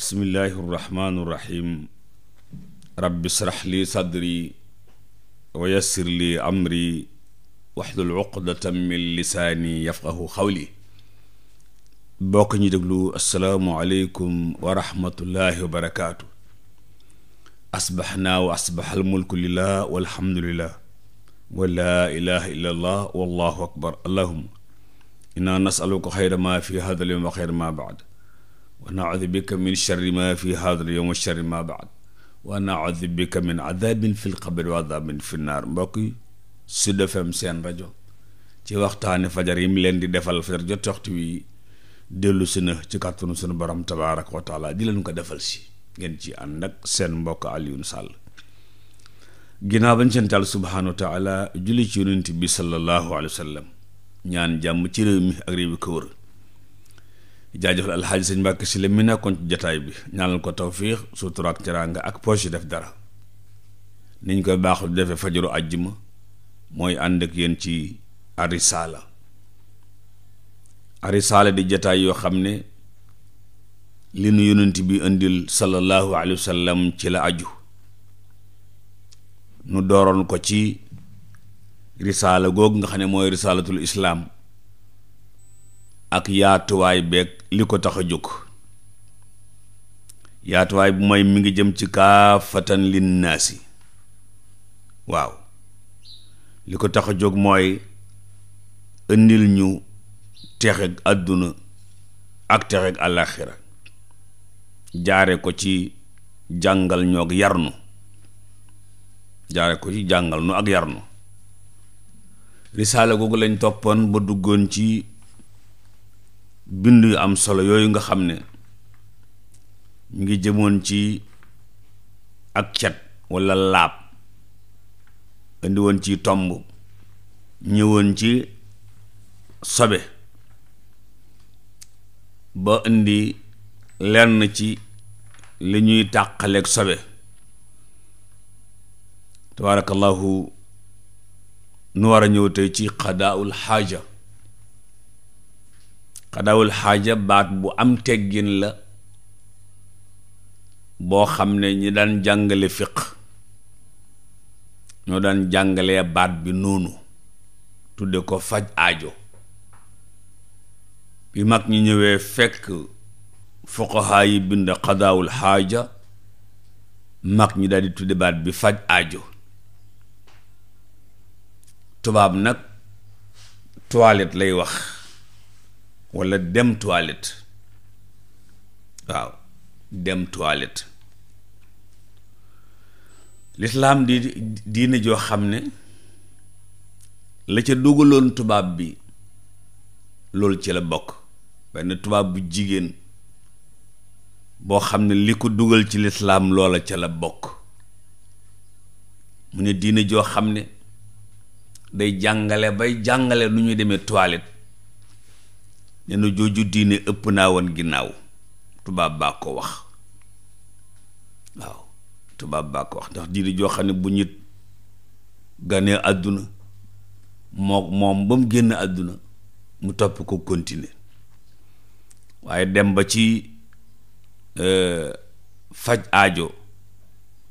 bismillaahi rahmaani rahiim rabbi srax li sadri wa yassir li amri waxlul uqdatan min lisaani yafqahu xawli bokk ñu déglu asalaamu aleykum wa rahmatullaahi wa barakaatu asbaxnaa wa asbaxal mulku lillaah walhamdulillaah wa laa ilaaha illallaah wallaahu akbar allaahumma innaa nasaluka xayra maa fi haadal yawm wa xayra maa ba'd wa naudu bika min sharri ma fi haadal yowm wa sharri ma baad wa naudu bika min adaabin fi lqabri wa adaabin fi naar mbokk yi Sud FM seen rajo ci waxtaani fajar yi mu leen di defal fajar jot waxtu wi dellu si na ci kàttanu sunu borom tabaaraka wa taala di leen ko defal si ngeen ci ànd ak seen mbokk Alioune Sall ginnaaw bañ seen taal subhaanahu wa taala julli ci yonent bi sallallahu alayhi wa sallam ñaan jàmm ci réew mi ak réew yi ko wër jaajëfal alxaaji sëñ Mbàkke si la mi nekkoon ci jataay bi ñaanal ko tawfiix sutura ak ak poche yi def dara niñ koy baaxul defee fajaru àjjuma mooy ànd ak yéen ci arisaala arisaala di jataay yoo xam ne li nu yonent bi indil sallallahu alayhi wa sallam ci la aju nu dooroon ko ci risaala googu nga xam ne mooy risaalatul islaam ak yaatuwaay beeg li ko tax a jóg yaatuwaay bi mooy mi ngi jëm ci kaafatan linnaasi waaw li ko tax a jóg mooy indil ñu texeg àdduna ak texeg àllaaxira jaare ko ci jàngal ñu yar yarnu jaare ko ci jàngal nu ak yarnu risaala googu lañ toppoon ba duggoon ci bind yu am solo yooyu nga xam ne ñu ngi jëmoon ci ak cat walla laab indi woon ci tomb ñëwoon ci sobe ba indi lenn ci li ñuy tàqaleeg sobe tabaarakallahu nu war a ñëw tey ci xadaawul xaaja xadawul xaaja baat bu am teggin la boo xam ne ñi daan jàngale fiq ñoo daan jàngale baat bi noonu tudde ko faj aajo bi mag ñi ñëwee fekk fuqahaa yi bind xadaawul xaaja mag ñi daal di tudde baat bi faj ajo tubaab nag toilette lay wax walla dem toilette waaw dem toilette lislaam di diine joo xam ne la ca dugaloon tubaab bi loolu ci la bokk benn tubaab bu jigéen boo xam ne li ko dugal ci lislaam loola ca la bokk mu ne diine joo xam ne day jàngale bay jàngale nu ñuy demee toilette nee jooju diine ëpp naa woon ginnaaw tubaab baa ko wax waaw tubaab baa ko wax ndax diine joo xam ne bu ñu ganee àdduna moo moom ba mu génn àdduna mu topp ko kontine waaye dem ba ci e, faj aajo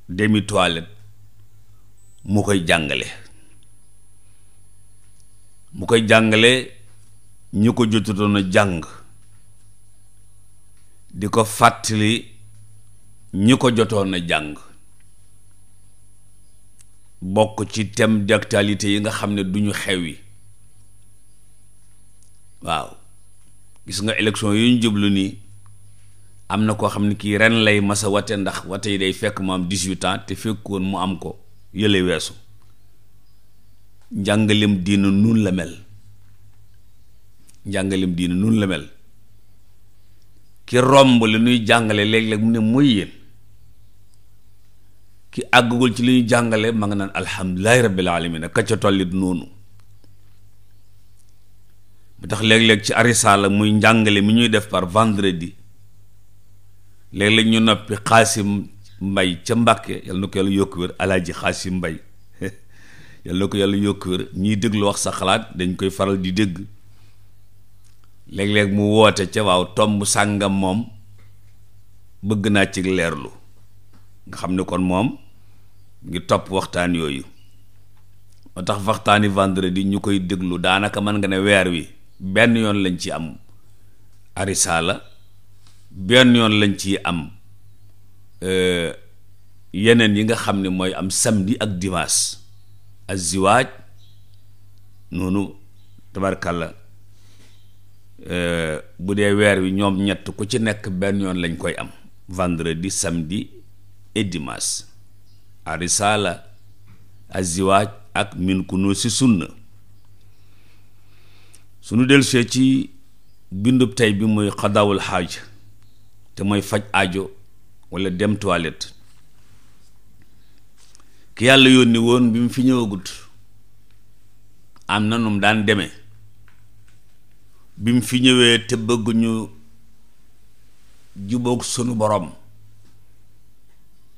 demi toilette mu koy jàngale mu koy jàngale ñu ko jotutoon a jàng di ko fàttali ñi ko jotoon na jàng bokk ci thème d'actualité yi nga xam ne duñu xew yi waaw gis nga élection yu ñu jublu nii am na koo xam ne kii ren lay masa wate ndax wate yi day fekk mu am dix-huit te fekkoon mu am ko yële weesu njàngalem diina nun la mel njàngaleem diine nun la mel ki romb li nuy jàngale léeg-léeg mu ne mooy yéen ki àggagul ci li ñuy jàngale ma nga naan alhamdulilahi rabbil alamin ka ca noonu bu tax léeg-léeg ci arisala muy njàngale mi ñuy def par vendredi léeg-léeg ñu noppi xaasim mbay ca mbàkke yàlla na ko yàlla yokku wér alaaji mbay yàlla na ko yàlla yokku déglu wax sa xalaat dañ koy faral di dégg léeg-léeg mu woote ca waaw tomb sàngam moom bëgg naa ci leerlu nga xam ne kon moom ngi topp waxtaan yooyu moo tax waxtaani vendredi ñu koy déglu daanaka mën nga ne weer wi benn yoon lañ ci am arisaala benn yoon lañ ci am euh, yeneen yi nga xam ni mooy am samedi ak dimanche aziwaaj noonu tabarkalla Euh, bu dee weer wi ñoom ñett ku ci nekk benn yoon lañ koy am vendredi samedi et dimanche arisala aziwaaj ak min ku nu si sunna suñu delsee ci bindub tey bi muy xadawul xaaj te mooy faj ajo walla dem toilette ki yàlla yónni woon bi mu fi ñëwagut am na num daan demee bi mu fi ñëwee te bëgguñu jubook sunu borom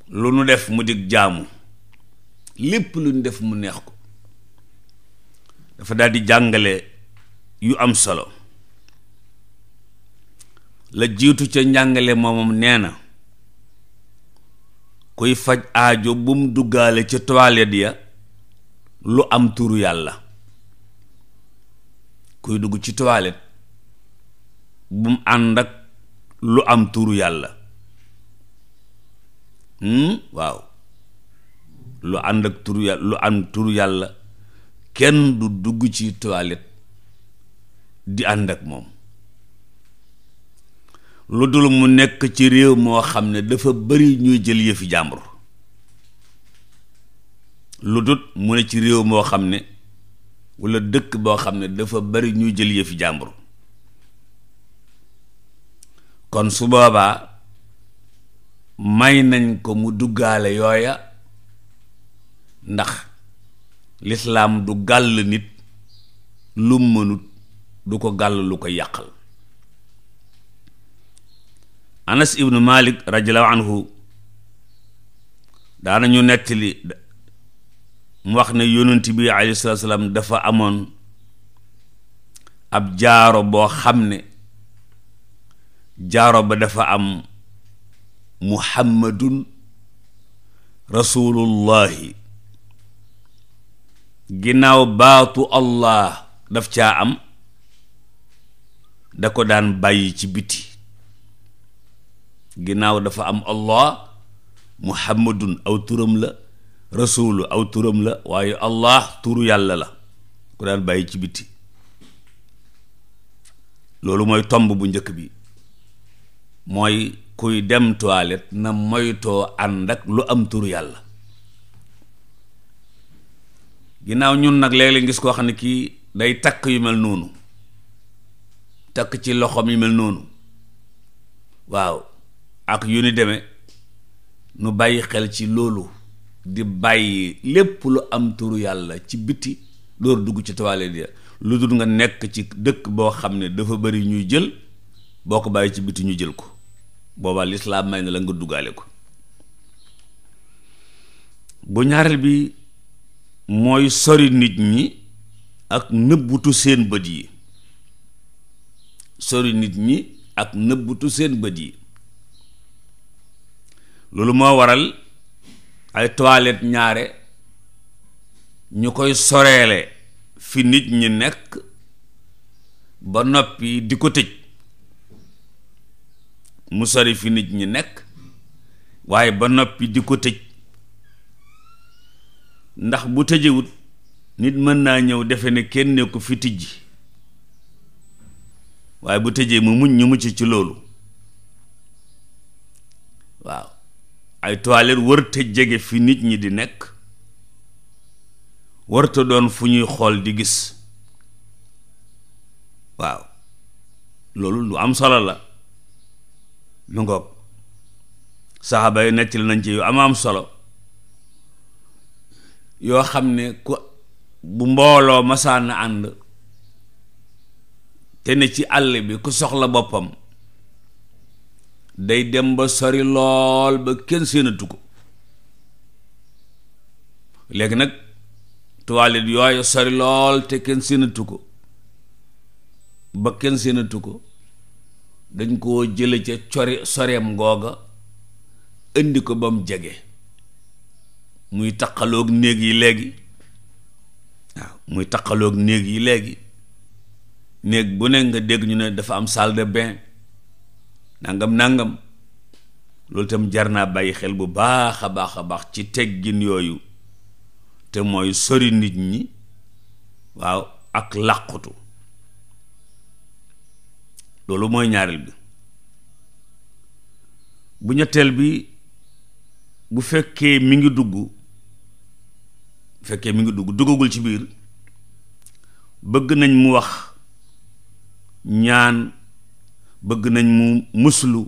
lu nu def mu dig jaamu lépp lu nu def mu neex ko dafa daldi jàngale yu am solo la jiitu ca njàngale moomam nee na kuy faj aajo bum duggaale ca toilette ya lu am turu yàlla kuy dugg ci toilette bu mu ànd ak lu am turu yàlla hmm? waaw lu ànd ak turu yàlla lu am turu yàlla kenn du dugg ci toilette di ànd ak moom lu dul mu nekk ci réew moo xam ne dafa bari ñuy jël yëfi jàmbur lu dut mu ne ci réew moo xam ne walla dëkk boo xam ne dafa bari ñuy jël yëfi jàmbur kon su boobaa may nañ ko mu duggaale yooya ndax lislaam du gàll nit lu mënut du ko gàll lu ko yàqal anas ibnu malik radiallahu anhu daanañu nettali mu wax ne yonent bi alayhi salaam dafa amoon ab jaaro boo xam ne jaaro ba dafa am muhammadun rasulullahi ginnaaw baatu allah daf caa am da ko daan bàyyi ci biti ginnaaw dafa am allah muhammadun aw turam la rasulu aw turam la waaye allah turu yàlla la ko daan bàyyi ci biti loolu mooy tomb bu njëkk bi mooy kuy dem toilette na moytoo ànd ak lu am turu yàlla ginnaaw ñun nag léeg-léeg ngis koo xam ne kii day takk yu mel noonu takk ci loxoom yu mel noonu waaw ak yu ni demee nu bàyyi xel ci loolu di bàyyi lépp lu am turu yàlla ci biti door dugg ci toilette ya lu dul nga nekk ci dëkk boo xam ne dafa bari ñuy jël boo ko bàyyi ci biti ñu jël ko booba lislaam may na la nga duggaale ko bu ñaareel bi mooy sori nit ñi ak nëbbutu seen bët yi sori nit ñi ak nëbbutu seen bët yi loolu moo waral ay toilette ñaare ñu koy soreele fi nit ñi nekk ba noppi di ko tëj mu sori fi nit ñi nekk waaye ba noppi di ko tëj ndax bu tëjewut nit mën naa ñëw defe ne kenn ne ko fi tijji waaye bu tëjee mu muñ mu mucc ci loolu waaw ay toilette wërta jege fi nit ñi di nekk wërta doon fu ñuy xool di gis waaw loolu lu am solo la mu ngoog saxaaba yi nettali nañ ci yu am am solo yoo xam ne ku bu mbooloo masaan ànd te ne ci àll bi ku soxla boppam day dem ba sori lool ba kenn séenatu ko léegi nag toilette yooyu sori lool te kenn séenatu ko ba kenn séenatu ko dañ koo jëla ca cori soreem googa indi ko ba mu jege muy taqaloog néeg yi léegi waaw muy taqaloog néeg yi léegi néeg bu ne nga dégg ñu ne dafa am salle de bain nangam nangam loolu tam jar naa bàyyi xel bu baax a baax a baax ci teggin yooyu te mooy sori nit ñi waaw ak làqutu loolu mooy ñaareel bi bu ñetteel bi bu fekkee mi ngi dugg bu fekkee mi ngi dugg duggagul ci biir bëgg nañ mu wax ñaan bëgg nañ mu muslu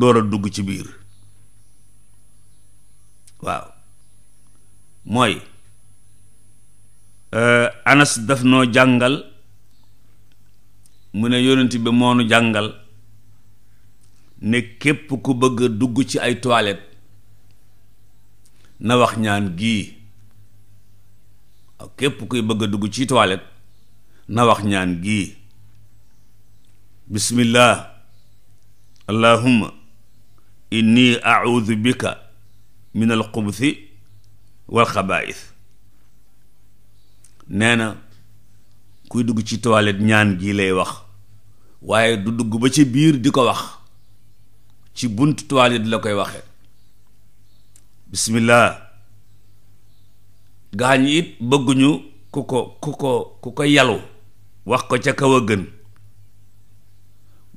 door a dugg ci biir waaw mooy euh, Anas daf noo jàngal mu ne yonent bi moonu jàngal ne képp ku bëgg dugg ci ay toilette na wax ñaan gii waaw képp kuy bëgg a dugg ci toilette na wax ñaan gii bismillah allahumma inni audu bika min al xubuthi wal xabaith nee kuy dugg ci toilette ñaan gii lay wax waaye du dugg ba ci biir di ko wax ci buntu toilette la koy waxe bismillah gaañ it bëgguñu ku ko ku ko ku ko yalu wax ko ca kaw a gën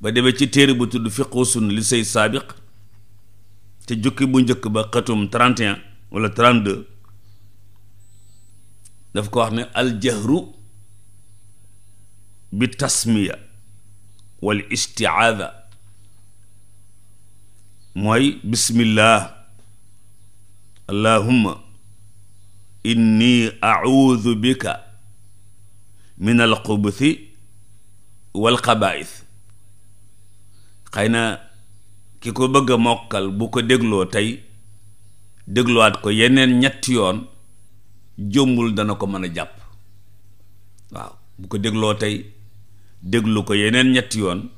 ba demee ci téere bu tudd fiqhu sunna li say saabiq te jukki bu njëkk ba xatum 31 wala 32 daf ko wax ne aljahru bi tasmiya wal istiaada mooy bismillah allahumma inni audu bika min alxubuthi walxabaith xëy na ki ko bëgg a mokkal bu ko dégloo tey dégluwaat ko yeneen ñetti yoon jombul dana ko mën a jàpp waaw bu ko dégloo tey déglu ko yeneen ñetti yoon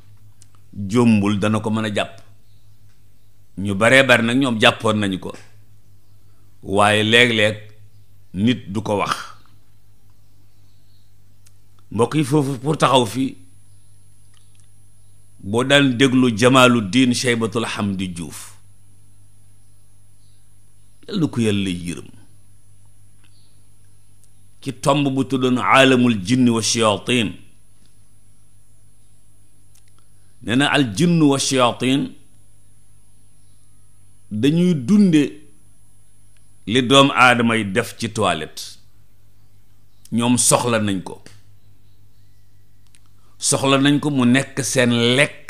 jumbul dana ko mën a jàpp ñu baree bari nag ñoom jàppoon nañu ko waaye léeg-léeg nit du ko wax mbokk yi foofu pour taxaw fii boo daan déglu Jamaaluddin Shaybatul Hamdi Juuf yal na ko yàlla yërëm ci tomb bu tuddoon aalamul jinni wa shayatin nee na al jinn wa shayatin dañuy dunde li doom aadama yi def ci toilette ñoom soxla nañ ko soxla nañ ko mu nekk seen lekk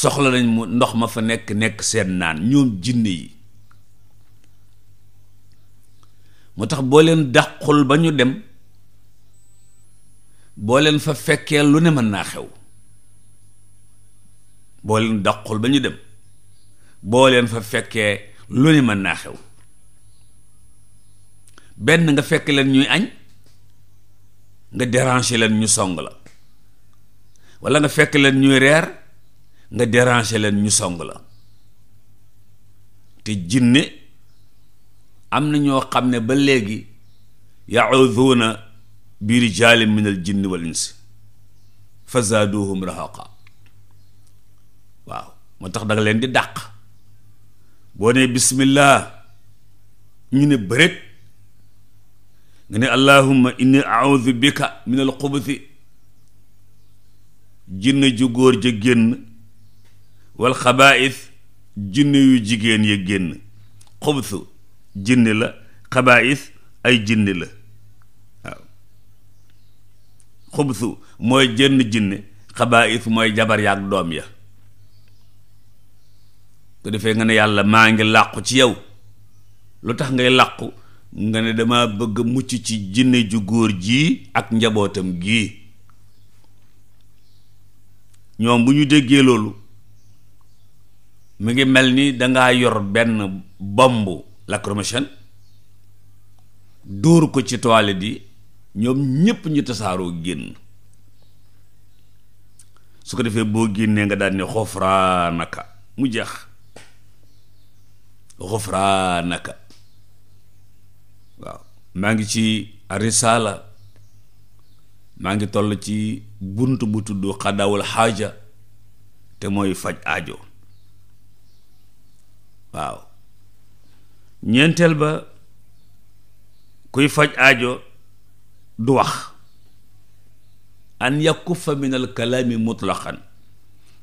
soxla nañ mu ndox ma fa nekk nekk seen naan ñoom jinne yi moo tax boo leen dàqul ba ñu dem boo leen fa fekkee lu ne mën naa xew boo leen daqul ba ñu dem boo leen fa fekkee lu ne mën naa xew benn nga fekk leen ñuy añ nga déranger leen ñu song la walla nga fekk leen ñuy reer nga déranger leen ñu song la te jinne am na ñoo xam ne ba léegi ya'uduna bi rijalin min al jinni wal insi fa zaaduhum rahaqa waaw moo tax da leen di dàq boo ne bismillah ñu ne bërét nga ne allahumma inni audu bika min al xubuti jinne ju góor ja génn wal xabaais jinne yu jigéen yi génn xubtu jinne la xabaais ay jinne la xubsu mooy jënn jinne xabaayis mooy jabar ya ak doom ya ko defee nga ne yàlla maa ngi làqu ci yow lu tax ngay làqu nga ne dama bëgg mucc ci jinne ju góor jii ak njabootam gii ñoom bu ñu déggee loolu mu ngi mel ni dangaa yor benn bomb lacrymogène dóor ko ci toilette yi ñoom ñépp ñu tasaaroo génn su ko defee boo génnee nga daal ne xofraanaka mu jeex xofraanaka waaw maa ngi ci risaala maa ngi toll ci bunt bu tudd xadaawul xaaja te mooy faj ajo waaw ñeenteel ba kuy faj ajo du wax an yakuffa min al kalaami mutlaqan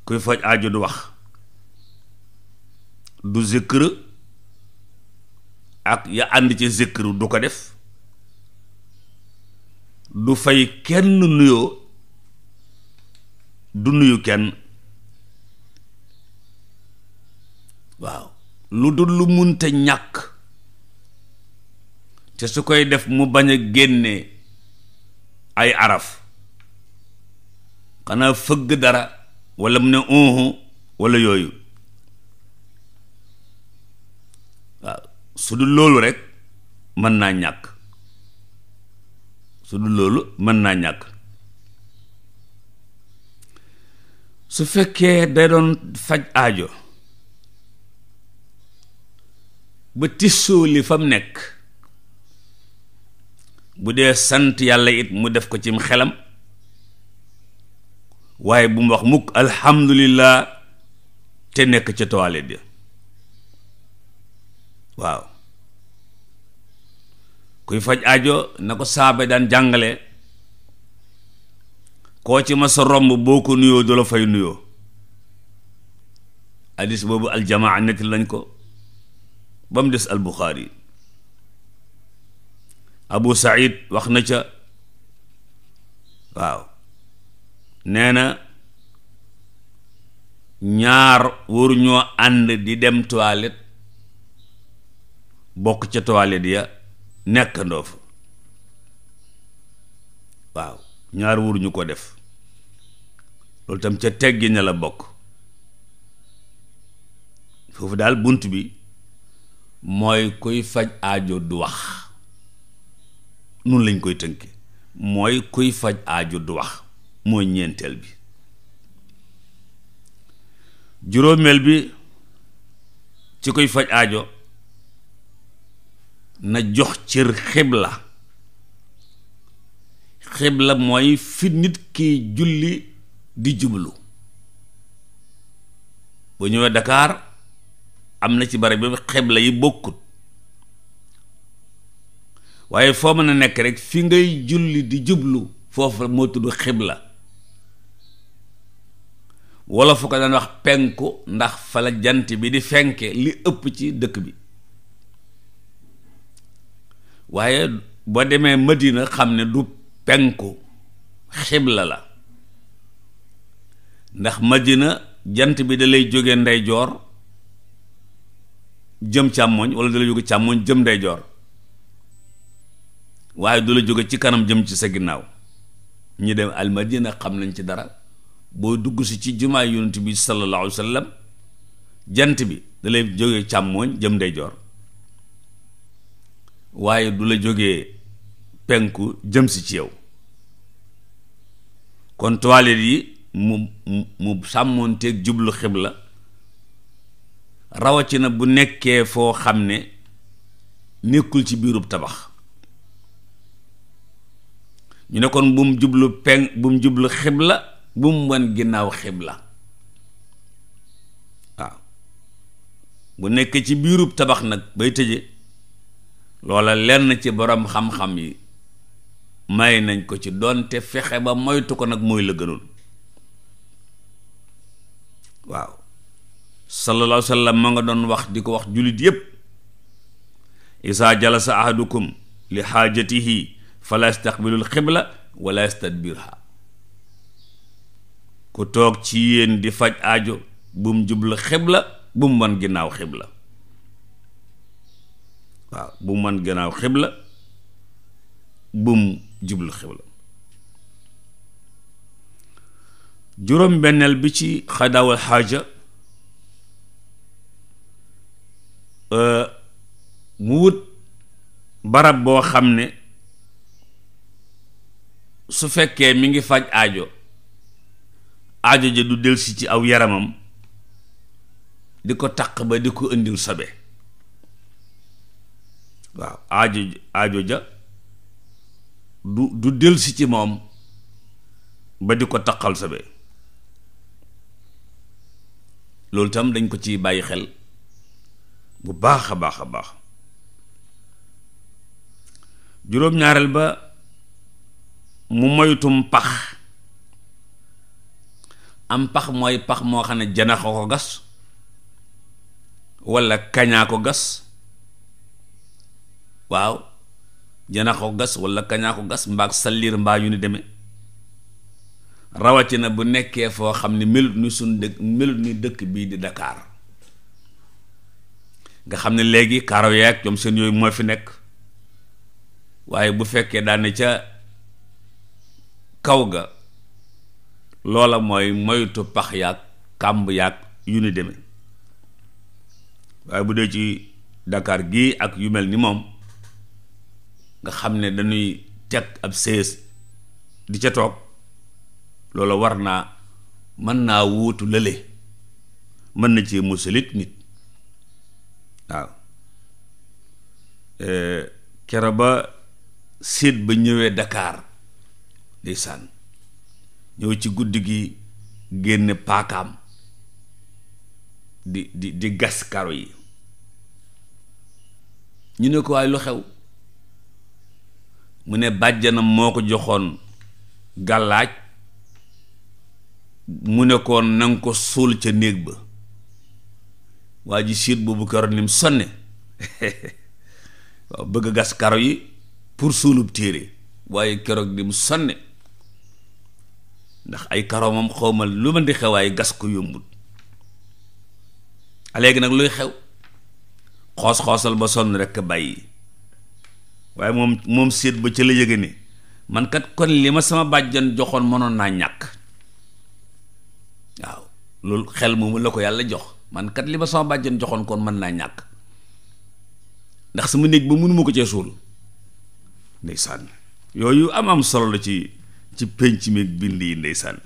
kuy faj aajo du wax du zikr ak ya ànd ci zikr du ko def du fay kenn nuyoo du nuyu kenn waaw lu dul lu munte ñàkk te su koy def mu bañ a génnee ay araf xanaa fëgg dara wala mu ne unhu wala yooyu waaw su dul loolu rek mën naa ñàkk su dul loolu mën naa ñàkk su fekkee day doon faj aajo ba tisoo li fam nekk bu dee sant yàlla it mu def ko cim xelam waaye bu mu wax mukk alhamdulillah te nekk ca toilette ya waaw kuy faj ajo na ko saabe daan jàngale koo ci ma sa romb boo ko nuyoo du la fay nuyoo hadis boobu aljamaa netti lañ ko ba mu des albuxaari abu said wax na ca waaw nee na ñaar waruñoo ànd di dem toilette bokk ca toilette ya nekkandoo ndoo fa waaw ñaar waruñu ko def loolu tam ca teggi na la bokk foofu daal bunt bi mooy kuy faj aajo du wax nun lañ koy tënke mooy kuy faj ajo du wax mooy ñeenteel bi juróomeel bi ci kuy faj aajo na jox cër xibla xibla mooy fi nit ki julli di jublu bu ñëwee dakaar am na ci barab bi xibla yi bokkut waaye foo mën a nekk rek fi ngay julli di jublu foofu moo tudd xibla wala fu ko daan wax penku ndax fala jant bi di fenke li ëpp ci dëkk bi waaye boo demee Madina xam ne du penku xibla la ndax Madina jant bi da lay jóge ndeyjoor jëm càmmoñ wala da lay jóge càmmoñ jëm ndeyjoor waaye du la jóge ci kanam jëm ci sa ginnaaw ñu dem almadina xam nañ ci dara boo dugg si ci jumaa yonent bi sallallahu alayhi jant bi da jóge jógee càmmooñ jëm ndeyjoor waaye du la jóge penku jëm si ci yow kon toilette yi mu mu sàmmoonteeg jublu xibla rawatina bu nekkee foo xam ne nekkul ci biirub tabax ñu ne kon bu mu jublu peng bu mu jublu xibla bu mu wan ginnaaw xibla waaw bu nekkee ci biirub tabax nag bay tëje loola lenn ci boroom xam-xam yi may nañ ko ci doonte fexe ba moytu ko nag mooy la gënoon waaw sallallahu alayhi wa ma nga doon wax di ko wax jullit yépp saa isaa sa ahadukum li xaajatihi fala yastaqbilul xibla wala yastadbirha ku toog ci yéen di faj aajo bum jublu xibla bum man ginnaaw xibla waaw bum man ginnaaw xibla jublu xibla juróom benneel bi ci xadaawal xaaja euh, mu wut barab boo xam ne su fekkee mi ngi faj ajo aajo ja du delsi ci aw yaramam di ko taq ba di ko indil sobe waaw aajo aajo ja du du delsi ci moom ba di ko taqal sobe loolu tam dañ ko ci bàyyi xel bu baax a baax a baax juróom-ñaareel ba mu moytum pax am pax mooy pax moo xam ne janaxa ko gas walla kañaa ko gas waaw janaxa gas walla kañaa ko gas mbaa salliir mbaa yu ni deme rawatina bu nekkee foo xam ne melut ni suñ dëkk melut ni dëkk bii di Dakar nga xam ne léegi kaaro yaak ñoom seen yooyu moo fi nekk waaye bu fekkee daane ca kaw ga loola mooy moytu pax yaag kàmb yaag yu nu deme waaye bu dee ci dakaar gi ak yu mel ni moom nga xam ne dañuy teg ab sées di ca toog loola war naa mën naa wuutu lële mën na ci musalit nit waaw eh, kere ba siit ba ñëwee dakaar ndeysaan ñëw ci guddi gi génne paakaam di di di gas karo yi ñu ne ko waaye lu xew mu ne bàjjanam moo ko joxoon gàllaaj mu ne ko nanga ko suul ca néeg ba waa ji siit boobu keroon ni mu sonne waaw bëgg gas karo yi pour suulub téere waaye keroog ni mu sonne ndax ay xaw ma lu mën di xewaay gas ko yombul léegi nag luy xew xoos-xoosal ba sonn rekk bàyyi waaye moom moom séet ba ca la yëge ni mankat kon li ma sama bàjjan joxoon mënoon naa ñàkk waaw loolu xel moomu la ko yàlla jox man li ma sama bàjjan joxoon kon mën naa ñàkk ndax sama néeg ba mënuma ko cee suul ndeysaan yooyu am am solo la ci ci pénc mi bind yi ndeysaan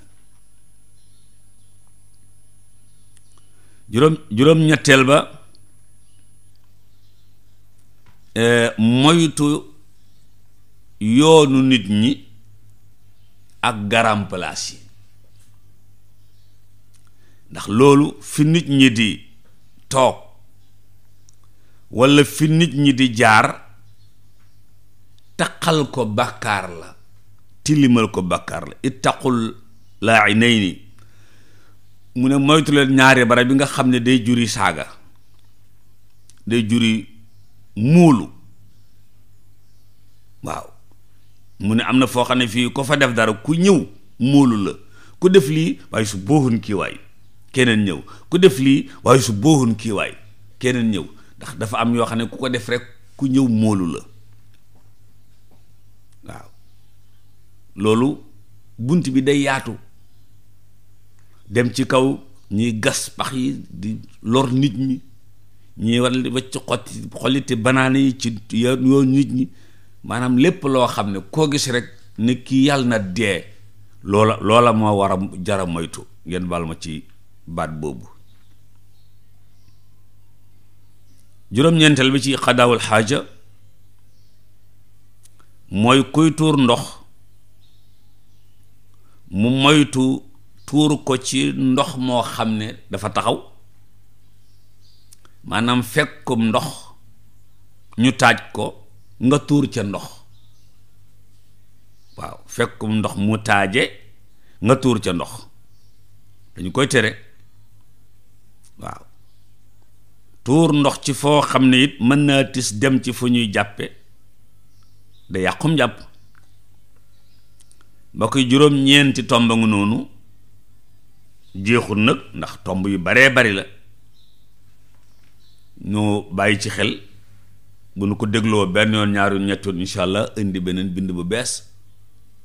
juróom juróom ñetteel ba e, moytu yoonu nit ñi ak garam place yi ndax loolu fi nit ñi di toog walla fi nit ñi di jaar taqal ko bàkkaar la tilimal ko bàkkaar la ittaqul laainayni mu ne moytuleen ñaari barab bi nga xam ne day juri saaga day juri muulu waaw mu ne am na foo xam ne fii ko fa def dara ku ñëw muulu la ku def lii waaye su boohun kii waay keneen ñëw ku def lii waaye su boohun kii waay keneen ñëw ndax dafa am yoo xam ne ku ko def rek ku ñëw móolu la loolu bunt bi day yaatu dem ci kaw ñuy gas pax yi di lor nit ñi ñuy war wacc xotti xolliti banaana yi ci yoon nit ñi maanaam lépp loo xam ne koo gis rek nit ki yàlla na dee loola loola moo war a moytu ngeen baal ma ci baat boobu juróom-ñeenteel bi ci xadaawul xaaja mooy kuy tuur ndox mu moytu tuur ko ci ndox moo xam ne dafa taxaw maanaam fekkum ndox ñu taaj ko nga tuur ca ndox waaw fekkum ndox mu taaje nga tuur ca ndox dañu koy tere waaw tuur ndox ci foo xam ne it mën naa tis dem ci fu ñuy jàppe da yàqum jàpp mbokk yi juróom-ñeenti tomb nga noonu jeexul nag ndax tomb yu baree bari la ñu bàyyi ci xel bu nu ko dégloo benn yoon ñaari ñetti yoon incha allah indi beneen bind bu bees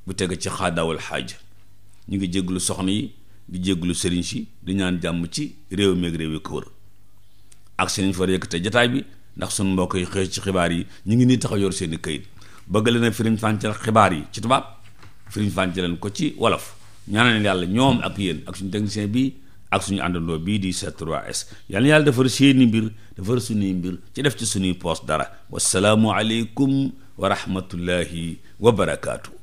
bu teg ci xaadaawal xaaja ñu ngi jéglu soxna yi di jéglu sëriñ si di ñaan jàmm ci réew meeg réew yi ko wër ak seen fa yëkkate jataay bi ndax suñu mbokk yi xëy ci xibaar yi ñu ngi nii taxaw yor seeni i këyit bëgg leen firiñ fàncal xibaar yi ci tubaab Serigne Fane jëleen ko ci wolof ñaanal yàlla ñoom ak yéen ak suñu technicien bi ak suñu àndandoo bii di C3S yal na yàlla defar seeni mbir defar suñuy mbir ci def ci suñuy poos dara wasalaamu aleykum wa rahmatullahi wa barakaatu.